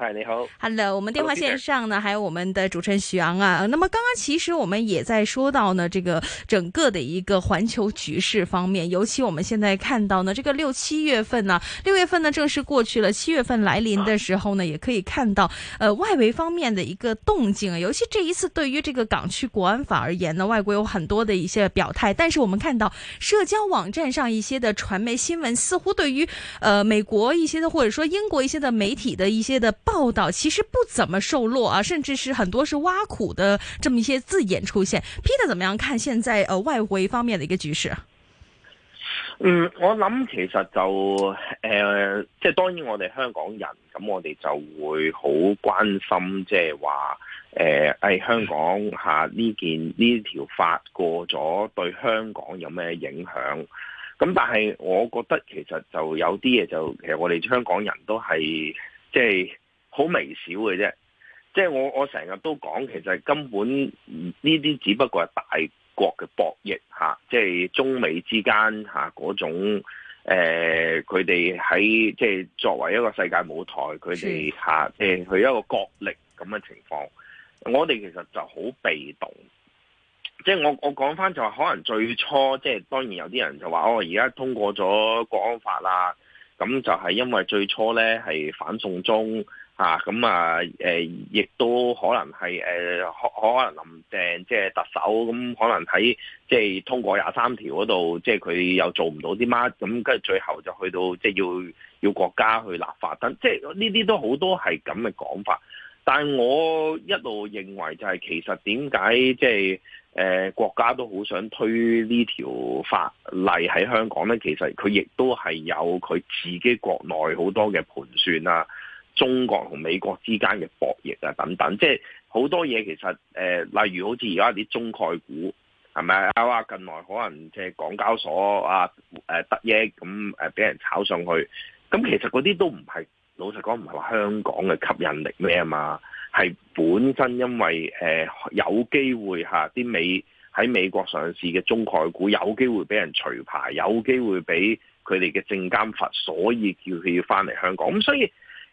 嗨，Hello, 你好，Hello，我們電話線上呢，Hello, Peter. 還有我們的主持人徐昂啊。那麼剛剛其實我們也在說到呢，這個整個的一個環球局勢方面，尤其我們現在看到呢，這個六七月份呢、啊，六月份呢正式過去了，七月份來臨的時候呢，也可以看到呃外圍方面的一個動靜、啊。尤其這一次對於這個港區國安法而言呢，外國有很多的一些表態，但是我們看到社交網站上一些的傳媒新聞，似乎對於呃美國一些的或者說英國一些的媒體的一些的。報道其實不怎麼受落啊，甚至是很多是挖苦的這麼一些字眼出現。Peter，怎麼樣看現在呃外圍方面的一個局勢？嗯，我諗其實就誒、呃，即係當然我哋香港人咁，我哋就會好關心，即係話誒喺香港下呢、啊、件呢條法過咗，對香港有咩影響？咁但係我覺得其實就有啲嘢就其實我哋香港人都係即係。好微小嘅啫，即係我我成日都講，其實根本呢啲只不過係大國嘅博弈吓，即係中美之間吓嗰種，誒佢哋喺即係作為一個世界舞台，佢哋吓誒佢一個角力咁嘅情況，我哋其實就好被動，即係我我講翻就係可能最初即係當然有啲人就話我而家通過咗國安法啦，咁就係因為最初咧係反送中。啊，咁啊，誒，亦都可能係誒，可、啊、可能林鄭即係特首，咁可能喺即係通過廿三條嗰度，即係佢又做唔到啲乜，咁跟住最後就去到即係要要國家去立法，等即係呢啲都好多係咁嘅講法。但係我一路認為就係其實點解即係誒、呃、國家都好想推呢條法例喺香港咧，其實佢亦都係有佢自己國內好多嘅盤算啊。中國同美國之間嘅博弈啊，等等，即係好多嘢，其實誒、呃，例如好似而家啲中概股係咪啊？近來可能即係港交所啊，誒，得益咁，誒，俾、啊、人炒上去，咁其實嗰啲都唔係老實講，唔係話香港嘅吸引力咩啊嘛，係本身因為誒、呃、有機會吓啲、啊啊、美喺美國上市嘅中概股有機會俾人除牌，有機會俾佢哋嘅證監法，所以叫佢要翻嚟香港，咁所以。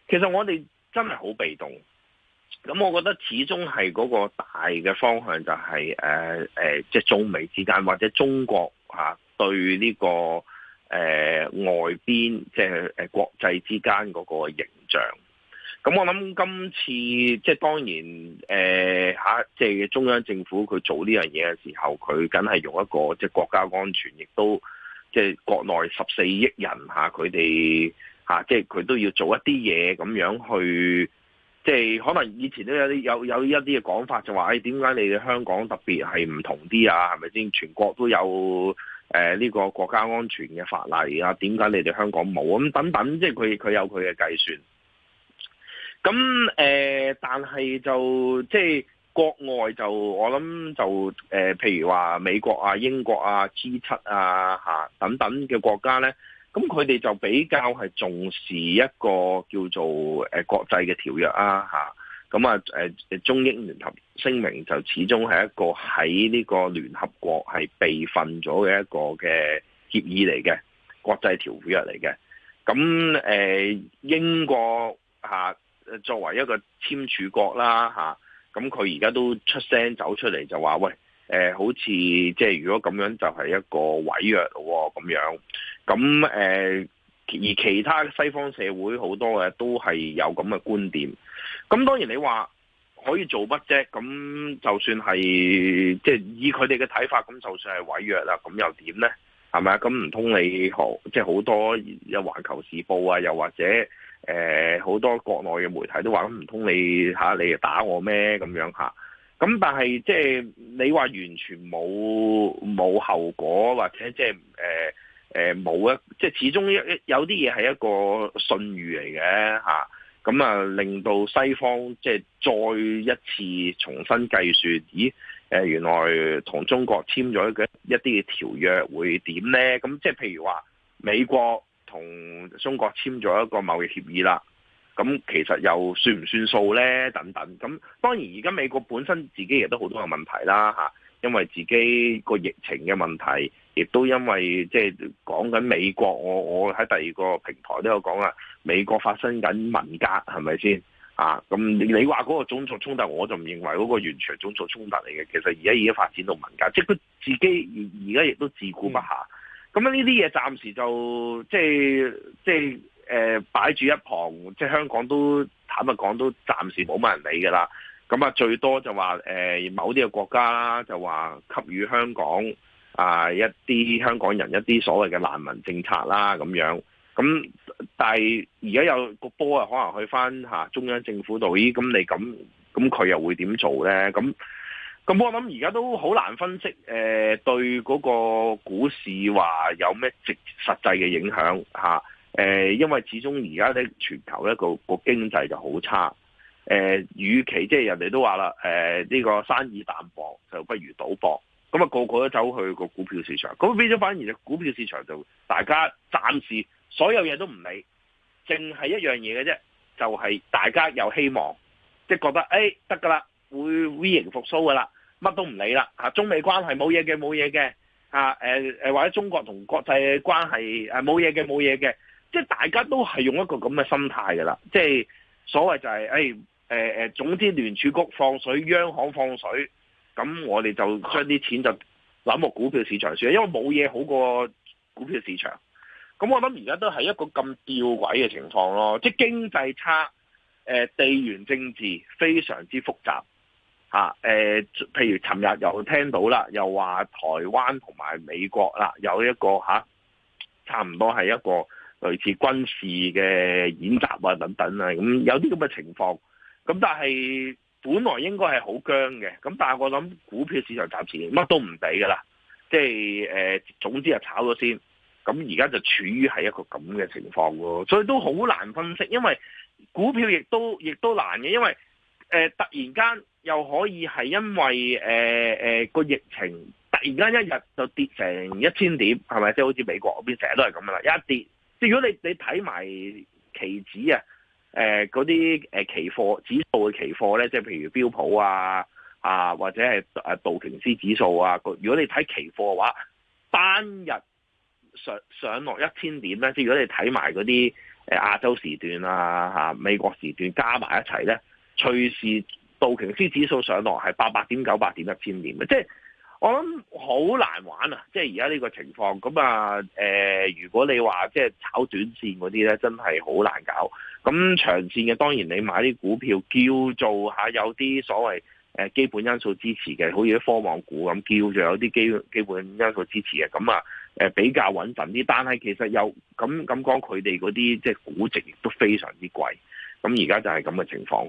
其實我哋真係好被動，咁我覺得始終係嗰個大嘅方向就係、是呃呃、即係中美之間或者中國、啊、對呢、呢個誒、呃、外邊即係誒國際之間嗰個形象。咁我諗今次即係當然誒、呃啊、即係中央政府佢做呢樣嘢嘅時候，佢梗係用一個即係國家安全，亦都即係國內十四億人嚇佢哋。啊嚇、啊，即係佢都要做一啲嘢咁樣去，即係可能以前都有啲有有一啲嘅講法就說，就話誒點解你哋香港特別係唔同啲啊？係咪先？全國都有誒呢、呃這個國家安全嘅法例啊？點解你哋香港冇咁等等？即係佢佢有佢嘅計算。咁誒、呃，但係就即係國外就我諗就誒，譬、呃、如話美國啊、英國啊、G7 啊嚇、啊、等等嘅國家咧。咁佢哋就比較係重視一個叫做誒國際嘅條約啦、吓。咁啊，誒中英聯合聲明就始終係一個喺呢個聯合國係備份咗嘅一個嘅協議嚟嘅國際條約嚟嘅。咁、誒、英國、吓、作為一個簽署國啦吓，咁佢而家都出聲走出嚟就話喂。誒、呃，好似即係如果咁樣就係一個違約喎咁樣，咁誒、呃、而其他西方社會好多嘅都係有咁嘅觀點。咁當然你話可以做乜啫？咁就算係即係以佢哋嘅睇法，咁就算係違約啦，咁又點呢？係咪咁唔通你好即係好多有《環球時報》啊，又或者誒、呃、好多國內嘅媒體都話咁唔通你、吓、你打我咩咁樣吓。咁但係即係你話完全冇冇後果，或者即係呃呃冇一，即、呃、係、呃就是、始終一有啲嘢係一個信譽嚟嘅嚇。咁啊，令、嗯、到西方即係、就是、再一次重新計算，咦？呃、原來同中國簽咗嘅一啲條約會點咧？咁即係譬如話美國同中國簽咗一個貿易協議啦。咁其實又算唔算數咧？等等，咁當然而家美國本身自己亦都好多個問題啦，嚇，因為自己個疫情嘅問題，亦都因為即係、就是、講緊美國，我我喺第二個平台都有講啊，美國發生緊文革係咪先？啊，咁你話嗰個種族衝突，我就唔認為嗰個完全種族衝突嚟嘅，其實而家已經發展到文革，即係佢自己而家亦都自顧不暇。咁呢啲嘢暫時就即係即係。誒、呃、擺住一旁，即係香港都坦白講都暫時冇乜人理㗎啦。咁啊，最多就話誒、呃、某啲嘅國家啦，就話給予香港啊一啲香港人一啲所謂嘅難民政策啦咁樣。咁但係而家有個波啊，可能去返吓中央政府度，咦？咁你咁咁佢又會點做咧？咁咁我諗而家都好難分析誒、呃、對嗰個股市話有咩直實際嘅影響，啊誒、呃，因為始終而家咧，全球咧個個經濟就好差。誒、呃，與其即係人哋都話啦，誒、呃、呢、呢個生意淡薄，就不如賭博。咁啊，個個都走去個股票市場。咁變咗反而股票市場就大家暫時所有嘢都唔理，淨係一樣嘢嘅啫，就係、是、大家有希望，即、就、係、是、覺得誒得㗎啦，會 V 型復甦㗎啦，乜都唔理啦嚇。中美關係冇嘢嘅，冇嘢嘅嚇，誒誒，或者中國同國際關係誒，冇嘢嘅，冇嘢嘅。即大家都係用一個咁嘅心態㗎啦，即係所謂就係誒誒總之聯儲局放水，央行放水，咁我哋就將啲錢就攬落股票市場算啦，因為冇嘢好過股票市場。咁我諗而家都係一個咁吊詭嘅情況咯，即係經濟差，地緣政治非常之複雜吓誒、啊、譬如尋日又聽到啦，又話台灣同埋美國啦有一個吓、啊、差唔多係一個。類似軍事嘅演習啊，等等啊，咁有啲咁嘅情況，咁但係本來應該係好僵嘅，咁但係我諗股票市場暫時乜都唔畀噶啦，即係誒，總之係炒咗先，咁而家就處於係一個咁嘅情況喎，所以都好難分析，因為股票亦都亦都難嘅，因為誒、呃、突然間又可以係因為誒誒個疫情突然間一日就跌成一千點，係咪？即、就、係、是、好似美國嗰邊成日都係咁噶啦，一跌。即如果你你睇埋期指啊，嗰、呃、啲期貨指數嘅期貨咧，即係譬如標普啊啊或者係道瓊斯指數啊，如果你睇期貨嘅話，單日上上落一千點咧，即係如果你睇埋嗰啲誒亞洲時段啊嚇美國時段加埋一齊咧，隨時道瓊斯指數上落係八百點九百點一千點嘅，即係。我諗好難玩啊！即係而家呢個情況，咁啊，誒、呃，如果你話即係炒短線嗰啲咧，真係好難搞。咁長線嘅，當然你買啲股票叫做下、啊、有啲所謂誒、呃、基本因素支持嘅，好似啲科網股咁，叫做有啲基基本因素支持嘅，咁啊，誒、呃、比較穩陣啲。但係其實又咁咁講，佢哋嗰啲即係估值亦都非常之貴。咁而家就係咁嘅情況。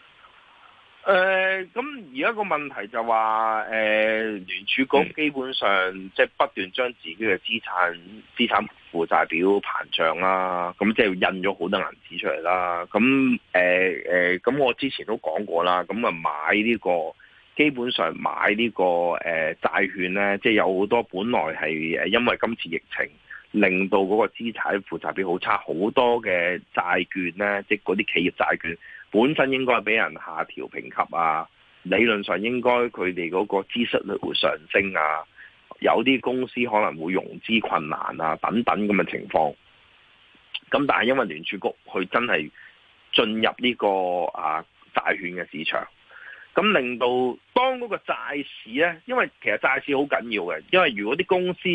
誒，咁而家個問題就話，誒、呃，聯儲局基本上即係不斷將自己嘅資產資產負債表膨脹啦，咁即係印咗好多銀紙出嚟啦。咁誒誒，咁、呃呃、我之前都講過啦，咁啊買呢、呢個基本上買、呢個呃、債呢個誒債券咧，即、就、係、是、有好多本來係誒因為今次疫情令到嗰個資產負債表好差，好多嘅債券咧，即係嗰啲企業債券。本身應該俾人下調評級啊，理論上應該佢哋嗰個資息率會上升啊，有啲公司可能會融資困難啊，等等咁嘅情況。咁但係因為聯儲局佢真係進入呢個啊債券嘅市場，咁令到當嗰個債市呢，因為其實債市好緊要嘅，因為如果啲公司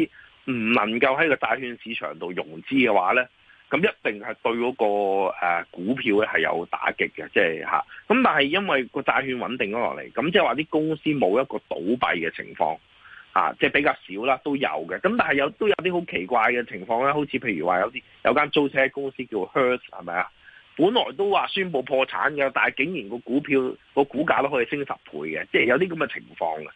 唔能夠喺個債券市場度融資嘅話呢。咁一定係對嗰個股票咧係有打擊嘅，即係吓。咁。但係因為個債券穩定咗落嚟，咁即係話啲公司冇一個倒閉嘅情況即係、啊即係、比較少啦，都有嘅。咁但係有都有啲好奇怪嘅情況咧，好似譬如話有啲有間租車公司叫 Hertz 係咪啊？本來都話宣布破產嘅，但係竟然個股票個股價都可以升十倍嘅，即、即、係、係、有啲咁嘅情況嘅。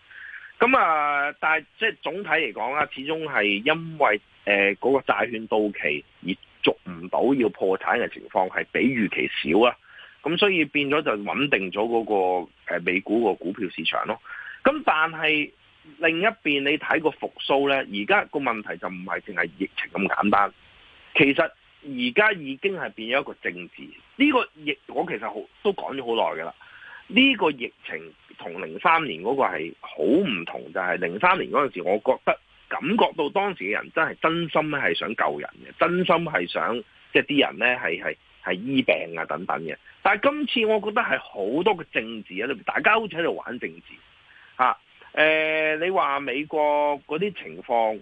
咁啊，但係即係總體嚟講啦，始終係因為誒嗰、呃嗰個債券到期而。捉唔到要破產嘅情況係比預期少啊，咁所以變咗就穩定咗嗰個美股個股票市場咯。咁但係另一邊你睇個復甦呢，而家個問題就唔係淨係疫情咁簡單，其實而家已經係變咗一個政治。呢個疫我其實好都講咗好耐㗎啦。呢個疫情同零三年嗰個係好唔同，就係零三年嗰陣時，我覺得。感覺到當時嘅人真係真心咧，係想救人嘅，真心係想即係啲人咧，係係係醫病啊等等嘅。但係今次我覺得係好多嘅政治喺度，大家好似喺度玩政治吓。誒、啊呃，你話美國嗰啲情況誒、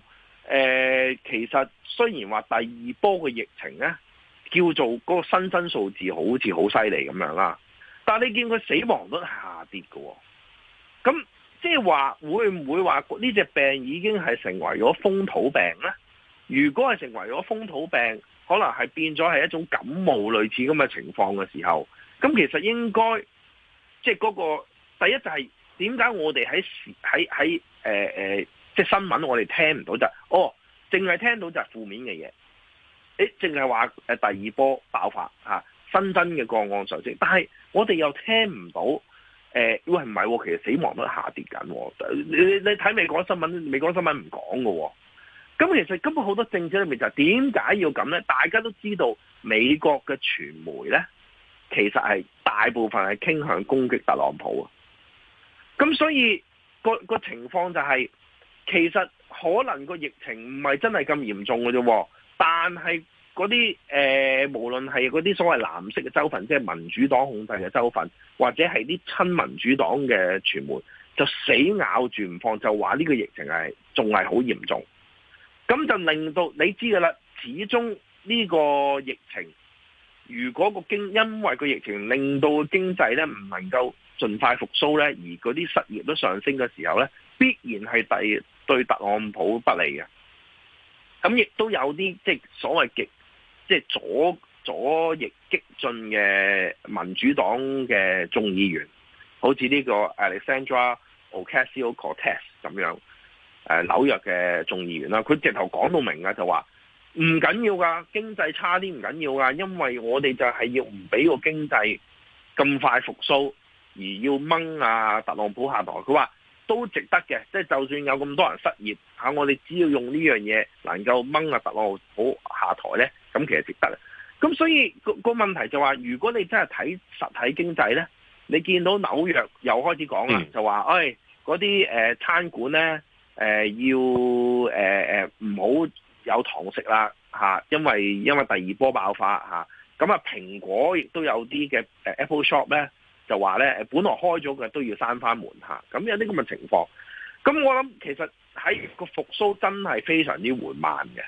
呃，其實雖然話第二波嘅疫情咧叫做嗰個新增數字好似好犀利咁樣啦，但係你見佢死亡率下跌㗎喎、哦，咁、嗯。即係話會唔會話呢隻病已經係成為咗風土病呢？如果係成為咗風土病，可能係變咗係一種感冒類似咁嘅情況嘅時候，咁其實應該即係嗰個第一就係點解我哋喺喺喺誒誒，即係新聞我哋聽唔到就係、是、哦，淨係聽到就係負面嘅嘢，誒，淨係話誒第二波爆發吓、啊、新增嘅個案上升，但係我哋又聽唔到。誒、欸，喂，唔係、哦，其實死亡率下跌緊、哦，你你睇美國新聞，美國新聞唔講噶，咁其實根本好多政治裏面就點解要咁咧？大家都知道美國嘅傳媒咧，其實係大部分係傾向攻擊特朗普啊，咁所以個個情況就係、是，其實可能個疫情唔係真係咁嚴重嘅啫，但係。嗰啲誒，無論係嗰啲所謂藍色嘅州份，即係民主黨控制嘅州份，或者係啲親民主黨嘅傳媒，就死咬住唔放，就話呢個疫情係仲係好嚴重。咁就令到你知嘅啦，始終呢個疫情，如果個經因為個疫情令到經濟咧唔能夠盡快復蘇咧，而嗰啲失業都上升嘅時候咧，必然係第對，對特朗普不利嘅。咁亦都有啲即係所謂極。即係左，左翼激進嘅民主黨嘅眾議員，好似呢個 Alexandra Ocasio-Cortez 咁樣，誒、呃、紐約嘅眾議員啦。佢直頭講到明呀，就話唔緊要㗎，經濟差啲唔緊要㗎，因為我哋就係要唔俾個經濟咁快復蘇而要掹啊特朗普下台。佢話都值得嘅，即係就算有咁多人失業，嚇，我哋只要用呢樣嘢能夠掹啊特朗普下台咧。咁其實值得啊！咁所以個、那個問題就話，如果你真係睇實體經濟咧，你見到紐約又開始講啦，嗯、就話，哎，嗰啲誒餐館咧，誒、呃、要誒誒唔好有堂食啦，嚇，因為因為第二波爆發嚇，咁啊蘋果亦都有啲嘅誒 Apple Shop 咧，就話咧誒，本來開咗嘅都要閂翻門閂返門嚇，咁、啊、有啲咁嘅情況。咁我諗其實喺個、哎、復甦真係非常之緩慢嘅。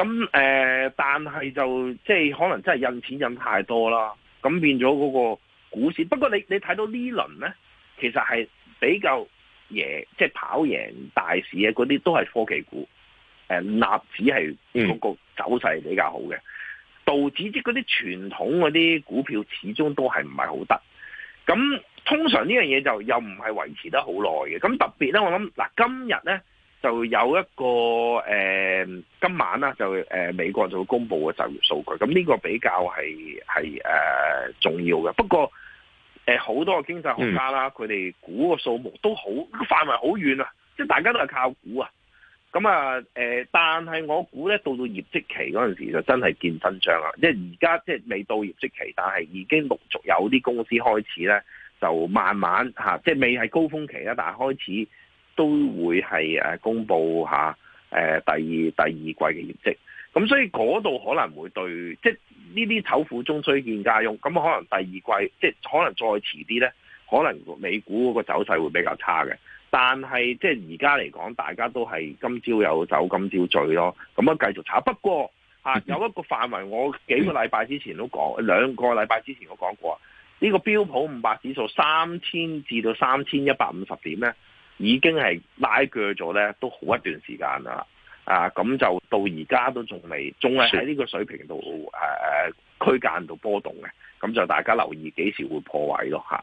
咁、呃、但係就即係可能真係印錢印太多啦，咁變咗嗰個股市。不過你你睇到呢輪咧，其實係比較贏，即係跑贏大市嘅嗰啲都係科技股。誒納指係嗰個走勢比較好嘅，嗯、道指即嗰啲傳統嗰啲股票始終都係唔係好得。咁通常呢樣嘢就又唔係維持得好耐嘅。咁特別咧，我諗嗱今日咧。就有一個誒、呃，今晚啦就誒、呃、美國就會公布嘅就業數據，咁呢個比較係係誒重要嘅。不過誒好、呃、多經濟學家啦，佢哋、嗯、估個數目都好範圍好遠啊，即係大家都係靠估啊。咁啊誒，但係我估咧到到業績期嗰陣時就真係見真章啦。即係而家即係未到業績期，但係已經陸續有啲公司開始咧，就慢慢、啊、即係未係高峰期啦，但係開始。都會係誒公佈下誒第二第二季嘅業績，咁所以嗰度可能會對，即係呢啲醜婦終須見家翁，咁可能第二季即係可能再遲啲咧，可能美股嗰個走勢會比較差嘅。但係即係而家嚟講，大家都係今朝有酒今朝醉咯，咁樣繼續炒。不過啊，有一個範圍，我幾個禮拜之前都講，兩個禮拜之前都講過，呢個標普五百指數三千至到三千一百五十點咧。已經係拉鋸咗咧，都好一段時間啦，啊，咁就到而家都仲未，仲係喺呢個水平度，誒、呃、誒區間度波動嘅，咁就大家留意幾時會破位咯，嚇。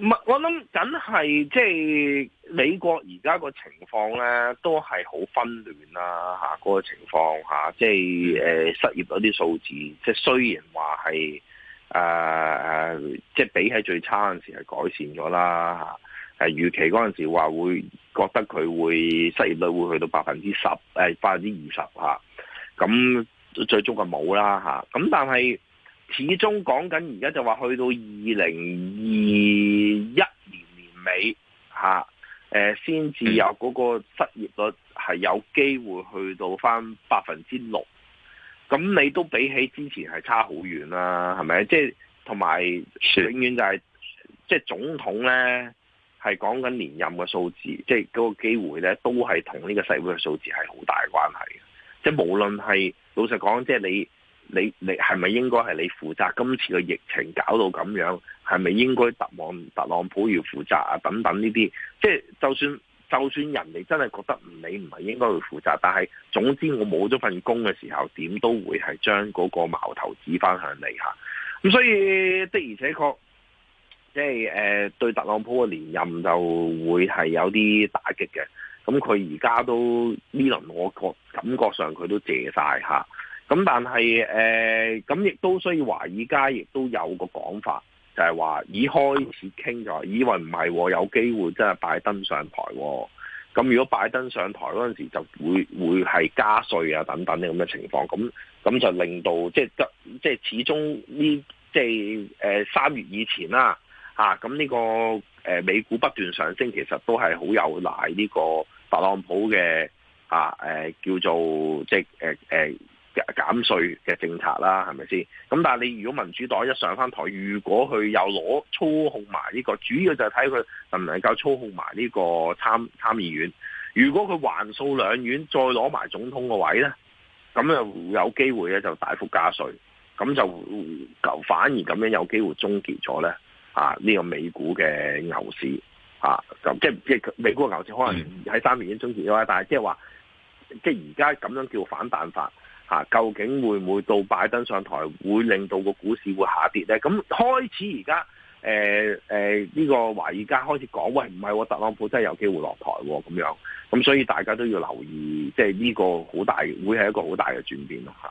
唔係，我諗緊係即係美國而家、啊啊個情況咧，都係好紛亂啦，嗰個情況即係、呃、失業嗰啲數字，即雖然話係、呃、即係比喺最差嗰陣時係改善咗啦嚇，啊啊、預期嗰陣時話會覺得佢會失業率會去到百分之十，呃、百分之二十咁、啊、最終佢冇啦咁但係。始終講緊而家就話去到二零二一年年尾吓，誒、啊，先、呃、至有嗰個失業率係有機會去到翻百分之六，咁你都比起之前係差好遠啦，係咪？即係同埋永遠就係、是、即係總統咧，係講緊連任嘅數字，即係嗰個機會咧，都係同呢個社會嘅數字係好大關係嘅。即係無論係老實講，即係你。你是不是是你係咪應該係你負責今次嘅疫情搞到咁樣？係咪應該特朗特朗普要負責啊？等等呢啲，即係就算就算人哋真係覺得你唔係應該去負責，但係總之我冇咗份工嘅時候，點都會係將嗰個矛頭指翻向你嚇。咁所以的而且確，即係誒對特朗普嘅連任就會係有啲打擊嘅。咁佢而家都呢輪，我覺感覺上佢都謝晒嚇。咁但係誒，咁、呃、亦都所以話，華爾街亦都有個講法，就係、是、話已開始傾咗，以為唔係有機會，真係拜登上台。咁如果拜登上台嗰陣時，就會會係加稅啊等等呢咁嘅情況。咁咁就令到即係即係始終呢即係三、呃、月以前啦，嚇咁呢個、呃、美股不斷上升，其實都係好有賴呢個特朗普嘅啊、呃、叫做即係、呃減稅嘅政策啦，係咪先？咁但係你如果民主黨一上翻台，如果佢又攞操控埋呢個，主要就係睇佢能唔能夠操控埋呢個參參議院。如果佢橫掃兩院，再攞埋總統個位咧，咁又有機會咧就大幅加稅，咁就就反而咁樣有機會終結咗咧啊呢個美股嘅牛市啊，咁即係即係美股嘅牛市可能喺三年已經終結咗啦。嗯、但係即係話即係而家咁樣叫反彈法。嚇，究竟會唔會到拜登上台會令到個股市會下跌咧？咁開始而家，誒誒呢個華爾街開始講，喂唔係喎，特朗普真係有機會落台喎，咁樣，咁所以大家都要留意，即係呢個好大，會係一個好大嘅轉變啦，嚇。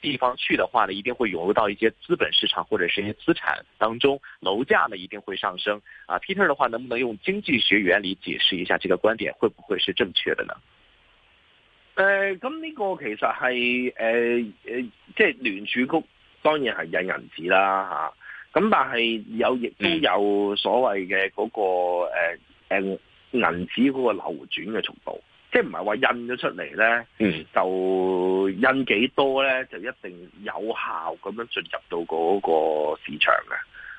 地方去的話呢，一定會湧入到一些資本市場或者是一些資產當中，樓價呢一定會上升。啊，Peter 的話，能不能用經濟學原理解釋一下這個觀點，會不會是正確的呢？誒、呃，咁、嗯、呢、這個其實係誒誒，即係聯儲局當然係印銀紙啦嚇，咁、啊、但係有亦都有所謂嘅嗰個誒誒銀紙嗰個流轉嘅程度。即係唔係話印咗出嚟咧，嗯、就印幾多咧，就一定有效咁樣進入到嗰個市場嘅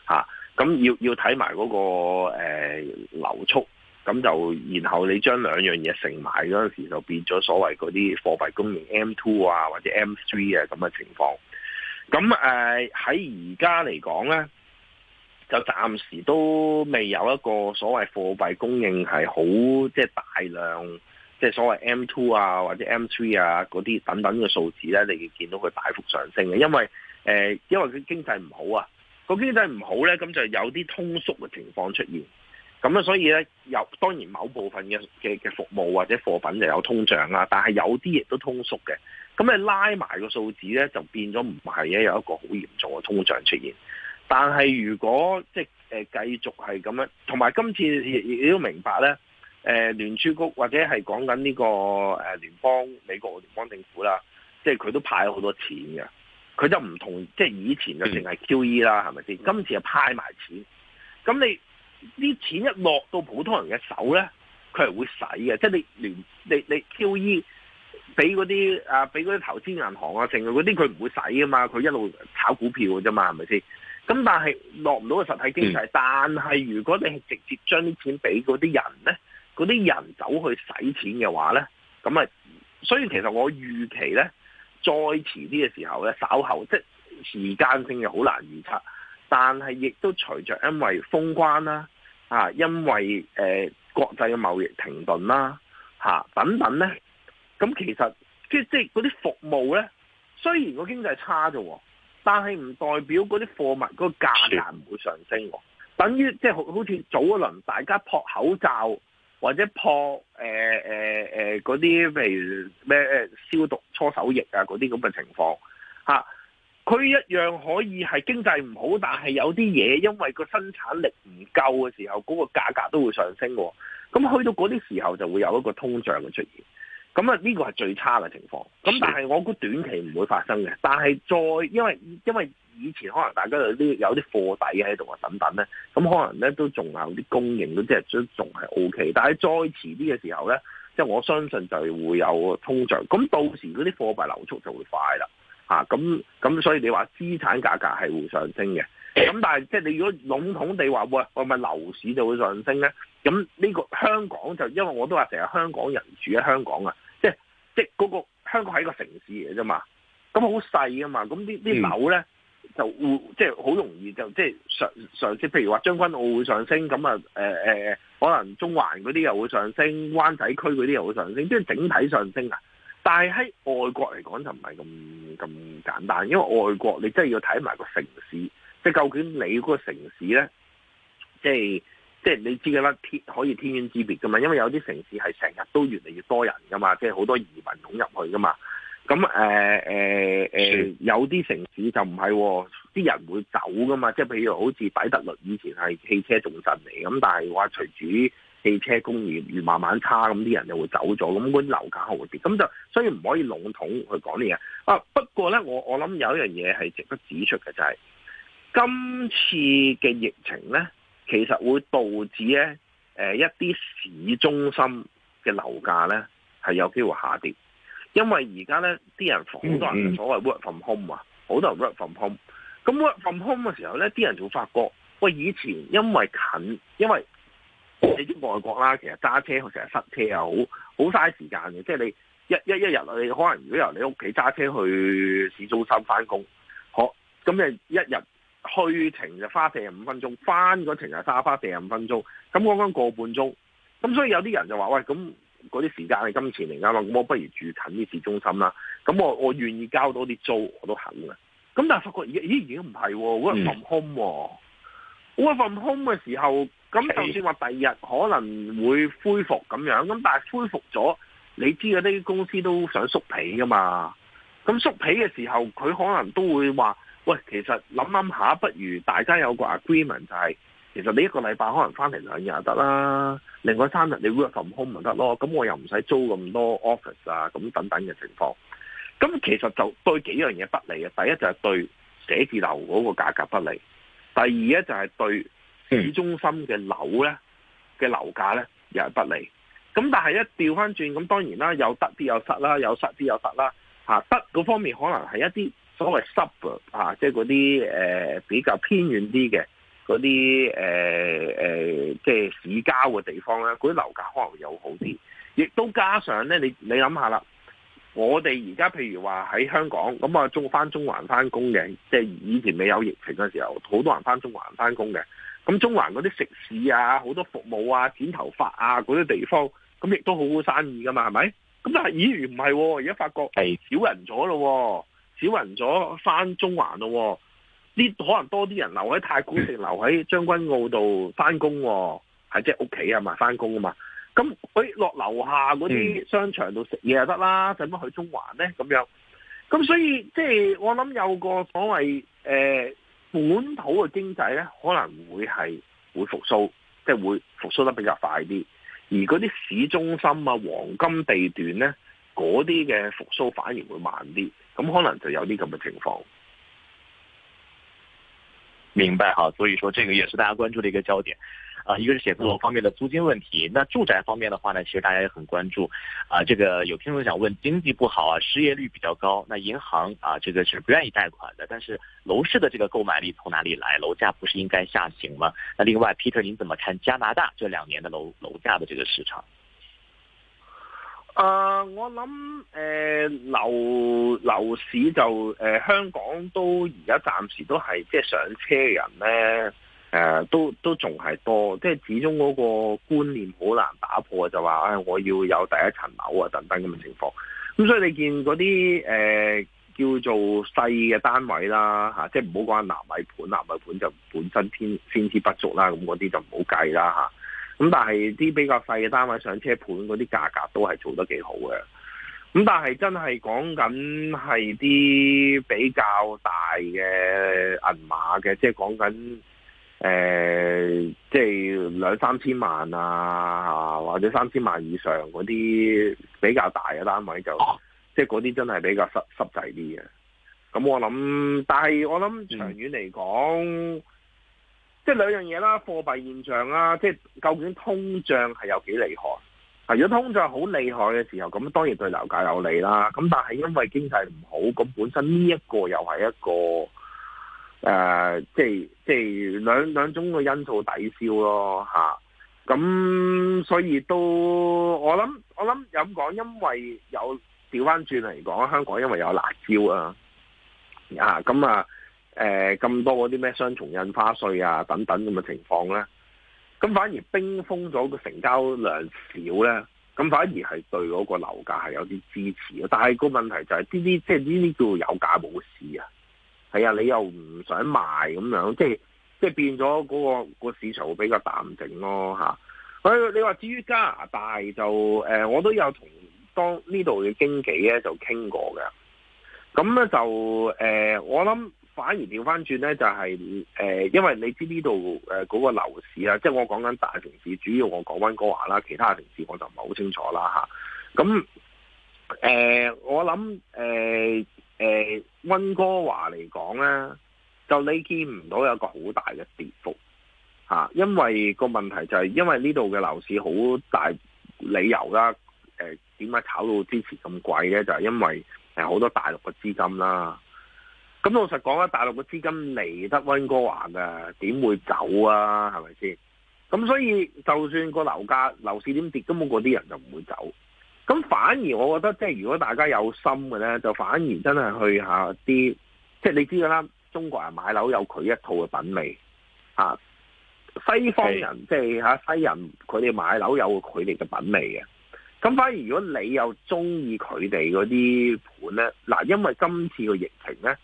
吓。咁、啊、要要睇埋嗰個誒、呃、流速，咁就然後你將兩樣嘢乘埋嗰陣時，就變咗所謂嗰啲貨幣供應 M two 啊，或者 M three 啊咁嘅情況。咁誒喺而家嚟講咧，就暫時都未有一個所謂貨幣供應係好即係大量。即係所謂 M2 啊，或者 M3 啊嗰啲等等嘅數字咧，你見到佢大幅上升嘅，因為誒、呃，因為佢經濟唔好啊，個經濟唔好咧，咁就有啲通縮嘅情況出現。咁啊，所以咧，有當然某部分嘅嘅嘅服務或者貨品就有通脹啦，但係有啲亦都通縮嘅。咁你拉埋個數字咧，就變咗唔係咧有一個好嚴重嘅通脹出現。但係如果即係誒、呃、繼續係咁樣，同埋今次亦亦都明白咧。誒、呃、聯儲局或者係講緊呢個誒、呃、聯邦美國嘅聯邦政府啦，即係佢都派咗好多錢嘅，佢就唔同，即係以前就淨係 QE 啦，係咪先？今次係派埋錢，咁你啲錢一落到普通人嘅手咧，佢係會使嘅，即係你聯你你 QE 俾嗰啲啊，俾啲投資銀行啊，剩嗰啲佢唔會使㗎嘛，佢一路炒股票嘅啫嘛，係咪先？咁但係落唔到個實體經濟，嗯、但係如果你係直接將啲錢俾嗰啲人咧。嗰啲人走去使錢嘅話呢，咁啊，所以其實我預期呢，再遲啲嘅時候呢，稍後即、係、時間性又好難預測，但係亦都隨着因為封關啦、啊啊，因為誒、呃、國際嘅貿易停頓啦、啊啊，等等呢。咁其實即即嗰啲服務呢，雖然個經濟差喎，但係唔代表嗰啲貨物個價格唔會上升，啊，的等於即好好似早一輪大家撲口罩。或者破誒誒誒嗰啲，譬、呃呃呃、如咩消毒搓手液啊嗰啲咁嘅情況吓，佢、啊、一樣可以係經濟唔好，但係有啲嘢因為個生產力唔夠嘅時候，嗰、嗰個價格都會上升喎。咁去到嗰啲時候就會有一個通脹嘅出現。咁啊，呢個係最差嘅情況。咁但係我估短期唔會發生嘅。但係再因為因為以前可能大家都有啲有啲貨底喺度啊等等咧，咁可能咧都仲有啲供應都即係都仲係 O K。但係再遲啲嘅時候咧，即係我相信就會有通脹。咁到時嗰啲貨幣流速就會快啦，嚇咁咁所以你話資產價格係會上升嘅。咁但係即係你如果籠統地話喂，係咪樓市就會上升咧？咁呢個香港就因為我都話成日香港人住喺香港啊，即係即係嗰個香港係一個城市嚟嘅啫嘛，咁好細啊嘛，咁呢啲樓咧就會即係好容易就即係、就是、上上升，譬如話將軍澳會上升，咁啊、呃、可能中環嗰啲又會上升，灣仔區嗰啲又會上升，即、就、係、是、整體上升啊！但係喺外國嚟講就唔係咁咁簡單，因為外國你真係要睇埋個城市，即係究竟你個城市咧，即、就、係、是。即係你知噶啦，天可以天淵之別噶嘛。因為有啲城市係成日都越嚟越多人噶嘛，即係好多移民湧入去噶嘛。咁誒誒誒，有啲城市就唔係，啲人會走噶嘛。即係譬如好似底特律以前係汽車重鎮嚟，咁但係話隨住汽車工業越慢慢差，咁啲人又會走咗，咁啲樓價會跌。咁就所以唔可以籠統去講呢嘢。啊，不過咧，我我諗有一樣嘢係值得指出嘅，就係今次嘅疫情咧。其實會導致咧，誒一啲市中心嘅樓價咧係有機會下跌，因為而家咧啲人好多人所謂 work from home 啊、嗯嗯，好多人 work from home，咁 work from home 嘅時候咧，啲人仲發覺喂，以前因為近，因為你知外國啦，其實揸車成日塞車啊，好好嘥時間嘅。即係你一一一日，你可能如果由你屋企揸車去市中心翻工，好咁你一日。去程就花四十五分鐘，翻嗰程就花四十五分鐘，咁講緊個半鐘，咁所以有啲人就話：喂，咁嗰啲時間係金錢嚟㗎嘛，咁我不如住近啲市中心啦。咁我我願意交多啲租，我都肯嘅。咁但係發覺咦，咦，已經唔係喎，好過放空喎。嗯。好過放空嘅時候，咁就算話第二日可能會恢復咁樣，咁但係恢復咗，你知嗰啲公司都想縮皮㗎嘛，咁縮皮嘅時候，佢可能都會話。喂，其實諗諗下，不如大家有個 agreement 就係、是，其實你一個禮拜可能翻嚟兩日就得啦，另外三日你 work from home 咪得咯，咁我又唔使租咁多 office 啊，咁等等嘅情況。咁其實就對幾樣嘢不利嘅、啊，第一就係對寫字樓嗰個價格不利，第二咧就係對市中心嘅樓咧嘅樓價咧又係不利。咁但係一調翻轉，咁當然啦，有得啲有失啦，有失啲有得啦。吓、啊，得嗰方面可能係一啲。所謂 suburb 啊，即係嗰啲誒比較偏遠啲嘅嗰啲誒誒，即係市郊嘅地方咧，嗰啲樓價可能又好啲。亦都加上咧，你你諗下啦，我哋而家譬如話喺香港咁啊，嗯、中返中環返工嘅，即係以前未有疫情嘅時候，好多人返中環返工嘅。咁、嗯、中環嗰啲食肆啊，好多服務啊、剪頭髮啊嗰啲地方，咁、嗯、亦都好好生意㗎嘛，係咪？咁但係，咦？唔係，而家、哦、發覺係少人咗咯、哦。少人咗，翻中環咯，呢可能多啲人留喺太古城，嗯、留喺將軍澳度翻工，係、嗯、即係屋企啊嘛，翻工啊嘛，咁佢落樓下嗰啲商場度食嘢就得啦，使乜去中環咧？咁樣，咁所以即係、就是、我諗有個所謂誒、呃、本土嘅經濟咧，可能會係會復甦，即、就、係、是、會復甦得比較快啲，而嗰啲市中心啊、黃金地段咧，嗰啲嘅復甦反而會慢啲。能不能這樣理解我們這個房屋？明白哈，所以說這個也是大家關注的一個焦點啊。一個是寫字樓方面的租金問題，那住宅方面的話呢，其實大家也很關注啊。這個有聽眾想問，經濟不好啊，失業率比較高，那銀行啊，這個是不願意貸款的。但是樓市的這個購買力從哪裏來？樓價不是應該下行嗎？那另外，皮特您怎麼看加拿大這兩年的樓樓價的這個市場？啊、呃，我諗誒，樓、呃、樓市就誒、呃，香港都而家暫時都係即係上車嘅人咧，誒、呃，都都仲係多，即係始終嗰個觀念好難打破就話、哎、我要有第一層樓啊等等咁嘅情況。咁所以你見嗰啲誒叫做細嘅單位啦，吓、啊，即係唔好話納米盤，納米盤就本身先天，天，天不足啦，咁嗰啲就唔好計啦，吓、啊。咁、嗯、但係啲比較細嘅單位上車盤嗰啲價格都係做得幾好嘅。咁但係真係講緊係啲比較大嘅銀碼嘅，即係講緊誒，即係兩三千萬啊，或者三千萬以上嗰啲比較大嘅單位就，即係嗰啲真係比較濕濕滯啲嘅。咁、嗯、我諗，但係我諗長遠嚟講。嗯即係兩樣嘢啦，貨幣現象啦，即係究竟通脹係有幾厲害啊？如果通脹好厲害嘅時候，咁當然對樓價有利啦。咁但係因為經濟唔好，咁本身呢一個又係一個誒，即係即係兩兩種嘅因素抵消咯吓。咁、啊、所以都我諗我諗又咁講，因為有調翻轉嚟講，香港因為有辣招啊，啊、嗯、咁啊。誒，咁、呃、多嗰啲咩雙重印花稅啊，等等咁嘅情況咧，咁反而冰封咗個成交量少咧，咁反而係對嗰個樓價係有啲支持咯。但係個問題就係呢啲，即係呢啲叫有價冇市啊。係啊，你又唔想賣咁樣，即係即係變咗嗰、嗰個、嗰個市場會比較淡靜咯嚇。所、啊、以你話至於加拿大就，誒、呃，我都有同當呢度嘅經紀咧就傾過嘅。咁咧就誒、呃，我諗。反而調翻轉咧，就係呃，因為你知呢度嗰個樓市啊，即係我講緊大城市，主要我講温哥華啦，其他城市我就唔係好清楚啦嚇。咁、呃、我諗、呃呃、温哥華嚟講咧，就你見唔到有個好大嘅跌幅嚇，因為個問題就係因為呢度嘅樓市好大理由啦。呃，點解炒到之前咁貴咧？就係因為好多大陸嘅資金啦。咁老實講啊，大陸個資金嚟得温哥華㗎點會走啊？係咪先？咁所以就算個樓價、樓市點跌，根本嗰啲人就唔會走。咁反而我覺得，即係如果大家有心嘅咧，就反而真係去下啲，啊，即係你知道啦，中國人買樓有佢一套嘅品味啊。西方人即係吓西人，佢哋買樓有佢哋嘅品味嘅。咁反而如果你又中意佢哋嗰啲盤咧，嗱、啊，因為今次個疫情咧。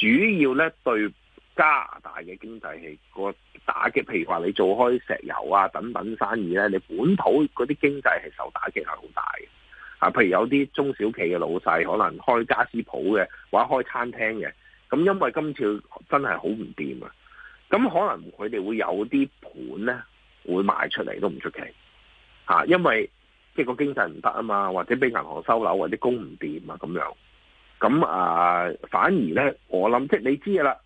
主要咧對加拿大嘅經濟係個打擊，譬如話你做開石油啊等等生意咧，你本土嗰啲經濟係受打擊係好大嘅嚇，譬如有啲中小企嘅老細，可能開家私鋪嘅、或者開餐廳嘅，咁因為今次真係好唔掂啊，咁可能佢哋會有啲盤咧會賣出嚟都唔出奇吓，因為即係個經濟唔得啊嘛，或者俾銀行收樓或者供唔掂啊咁樣。咁啊，呃，反而咧，我諗即係你知啦，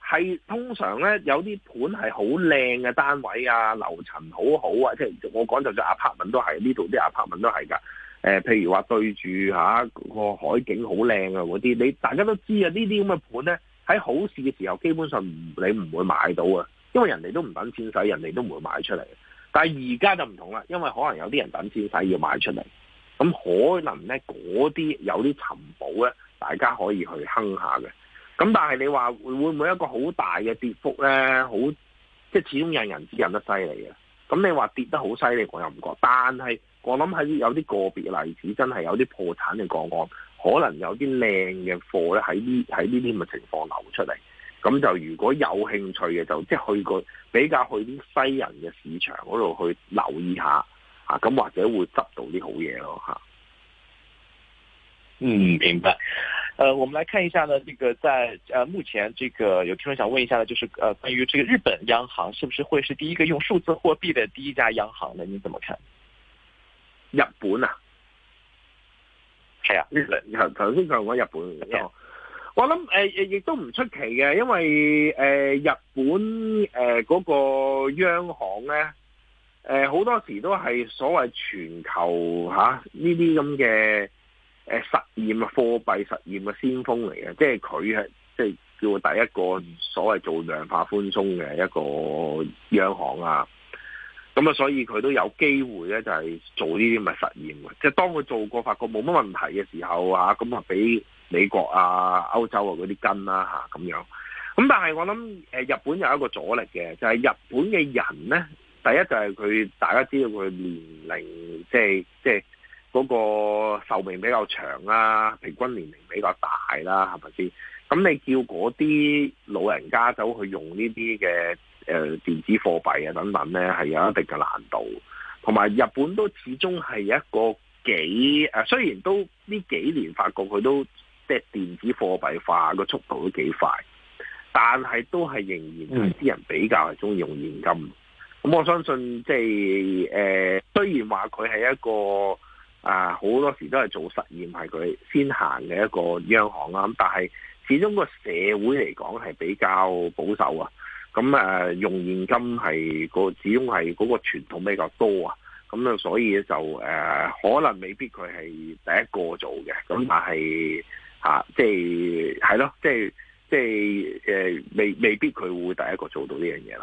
係通常咧有啲盤係好靚嘅單位啊，樓層好好啊，即我講就叫阿柏文都係呢度啲阿柏文都係㗎，呃。譬如話對住吓個海景好靚啊嗰啲，你大家都知啊，這這呢啲咁嘅盤咧喺好市嘅時候，基本上你唔會買到啊，因為人哋都唔等錢使，人哋都唔會賣出嚟。但係而家就唔同啦，因為可能有啲人等錢使要賣出嚟，咁可能咧嗰啲有啲尋寶咧。大家可以去哼下嘅，咁但係你話會唔會一個好大嘅跌幅咧？好即係始終引人指引得犀利嘅。咁你話跌得好犀利，我又唔覺。但係我諗喺有啲個別例子，真係有啲破產嘅個案，可能有啲靚嘅貨咧喺呢喺呢啲咁嘅情況流出嚟。咁就如果有興趣嘅，就即係去個比較去啲西人嘅市場嗰度去留意一下啊！咁或者會執到啲好嘢咯，吓。嗯，明白。呃，我們來看一下呢，這個在呃目前這個有聽眾想問一下呢，就是呃關於這個日本央行是不是會是第一個用數字貨幣的第一家央行呢？你怎麼看？日本啊，係啊的、呃呃，日本，頭先就講日本我諗誒亦都唔出奇嘅，因為誒日本誒嗰個央行呢，誒、呃、好多時都係所謂全球吓呢啲咁嘅。啊這誒實驗啊，貨幣實驗嘅先鋒嚟嘅，即係佢係即係叫佢第一個所謂做量化寬鬆嘅一個央行啊，咁啊，所以佢都有機會咧，就係做呢啲咪實驗嘅。即係當佢做過發覺冇乜問題嘅時候啊，咁啊，俾美國啊、歐洲啊嗰啲跟啦吓咁樣。咁但係我諗誒日本有一個阻力嘅，就係日本嘅人咧，第一就係佢大家知道佢年齡，即係即係。即係嗰個壽命比較長啦，啊，平均年齡比較大啦，啊，係咪先？咁你叫嗰啲老人家走去用呢啲嘅誒電子貨幣啊等等咧，係有一定嘅難度的。同埋日本都始終係一個幾誒，雖然都呢幾年發覺佢都即係電子貨幣化個速度都幾快，但係都係仍然係啲人比較中意用現金。咁我相信即係誒，雖然話佢係一個。啊，好多時都係做實驗係佢先行嘅一個央行啦，咁但係始終個社會嚟講係比較保守那啊，咁誒用現金係個始終係嗰個傳統比較多啊，咁咧所以就誒、啊、可能未必佢係第一個做嘅，咁但係嚇即係係咯，即係即係誒未未必佢會第一個做到呢樣嘢囉。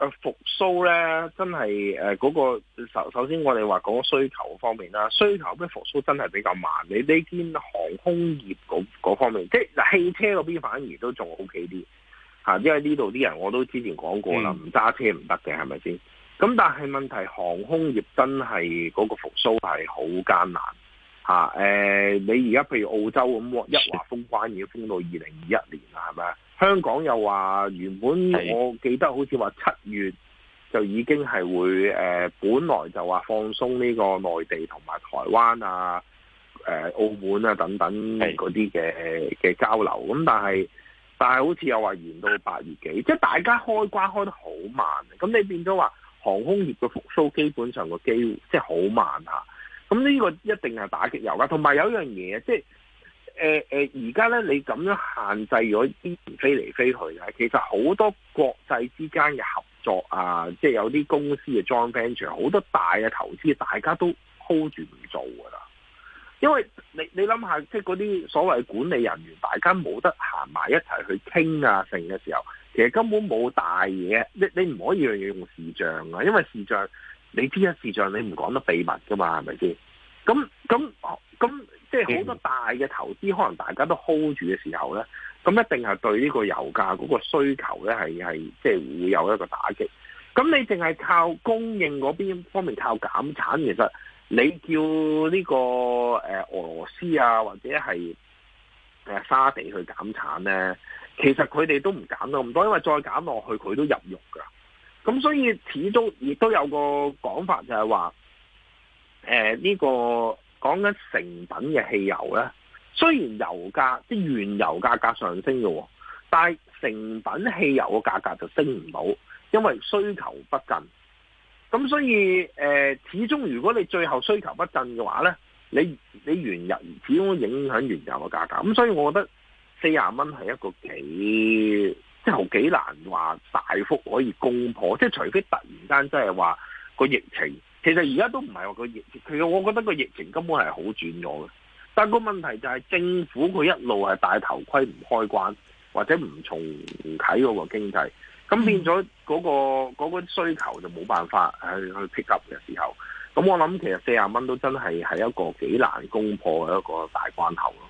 誒復甦咧，真係誒嗰個首首先，我哋話個需求方面啦，需求咩？復甦真係比較慢。你呢邊航空業嗰方面，即係嗱汽車嗰邊反而都仲 O K 啲吓，因為呢度啲人我都之前講過啦，唔揸、嗯、車唔得嘅，係咪先？咁但係問題航空業真係嗰、嗰個復甦係好艱難吓、啊呃、你而家譬如澳洲咁，一話封關已經封到二零二一年啦，係咪啊？香港又話原本我記得好似話七月就已經係會、呃、本來就話放鬆呢個內地同埋台灣啊、呃、澳門啊等等嗰啲嘅嘅交流，咁但係但係好似又話延到八月幾，即係大家開關開得好慢，咁你變咗話航空業嘅復甦基本上個機會即係好慢啊。咁呢個一定係打擊遊客，同埋有樣嘢即係。就是誒誒，而家咧你咁樣限制咗啲飛嚟飛去咧，其實好多國際之間嘅合作啊，即係有啲公司嘅 joint venture，好多大嘅投資，大家都 hold 住唔做噶啦。因為你你諗下，即係嗰啲所謂管理人員，大家冇得行埋一齊去傾啊成嘅時候，其實根本冇大嘢。你你唔可以樣樣用視像啊，因為視像你知啊，視像你唔講得秘密噶嘛，係咪先？咁咁咁。即係好多大嘅投資，可能大家都 hold 住嘅時候咧，咁一定係對呢個油價嗰個需求咧係係即係會有一個打擊。咁你淨係靠供應嗰邊方面靠減產，其實你叫呢個誒俄羅斯啊或者係誒沙地去減產咧，其實佢哋都唔減到咁多，因為再減落去佢都入肉㗎。咁所以始終亦都有個講法就係話，誒呢個。講緊成品嘅汽油咧，雖然油價即係原油價格上升嘅，但係成品汽油嘅價格就升唔到，因為需求不振。咁所以，呃，始終如果你最後需求不振嘅話咧，你你原油始終影響原油嘅價格。咁所以，我覺得四十蚊係一個幾即係幾難話大幅可以攻破，即係除非突然間即係話個疫情。其實而家都唔係話個疫情，其實我覺得個疫情根本係好轉咗嘅，但個問題就係政府佢一路係戴頭盔唔開關，或者唔重啟嗰個經濟，咁變咗嗰、個嗰、個需求就冇辦法去去、啊、pick up 嘅時候，咁我諗其實四十蚊都真係係一個幾難攻破嘅一個大關口咯。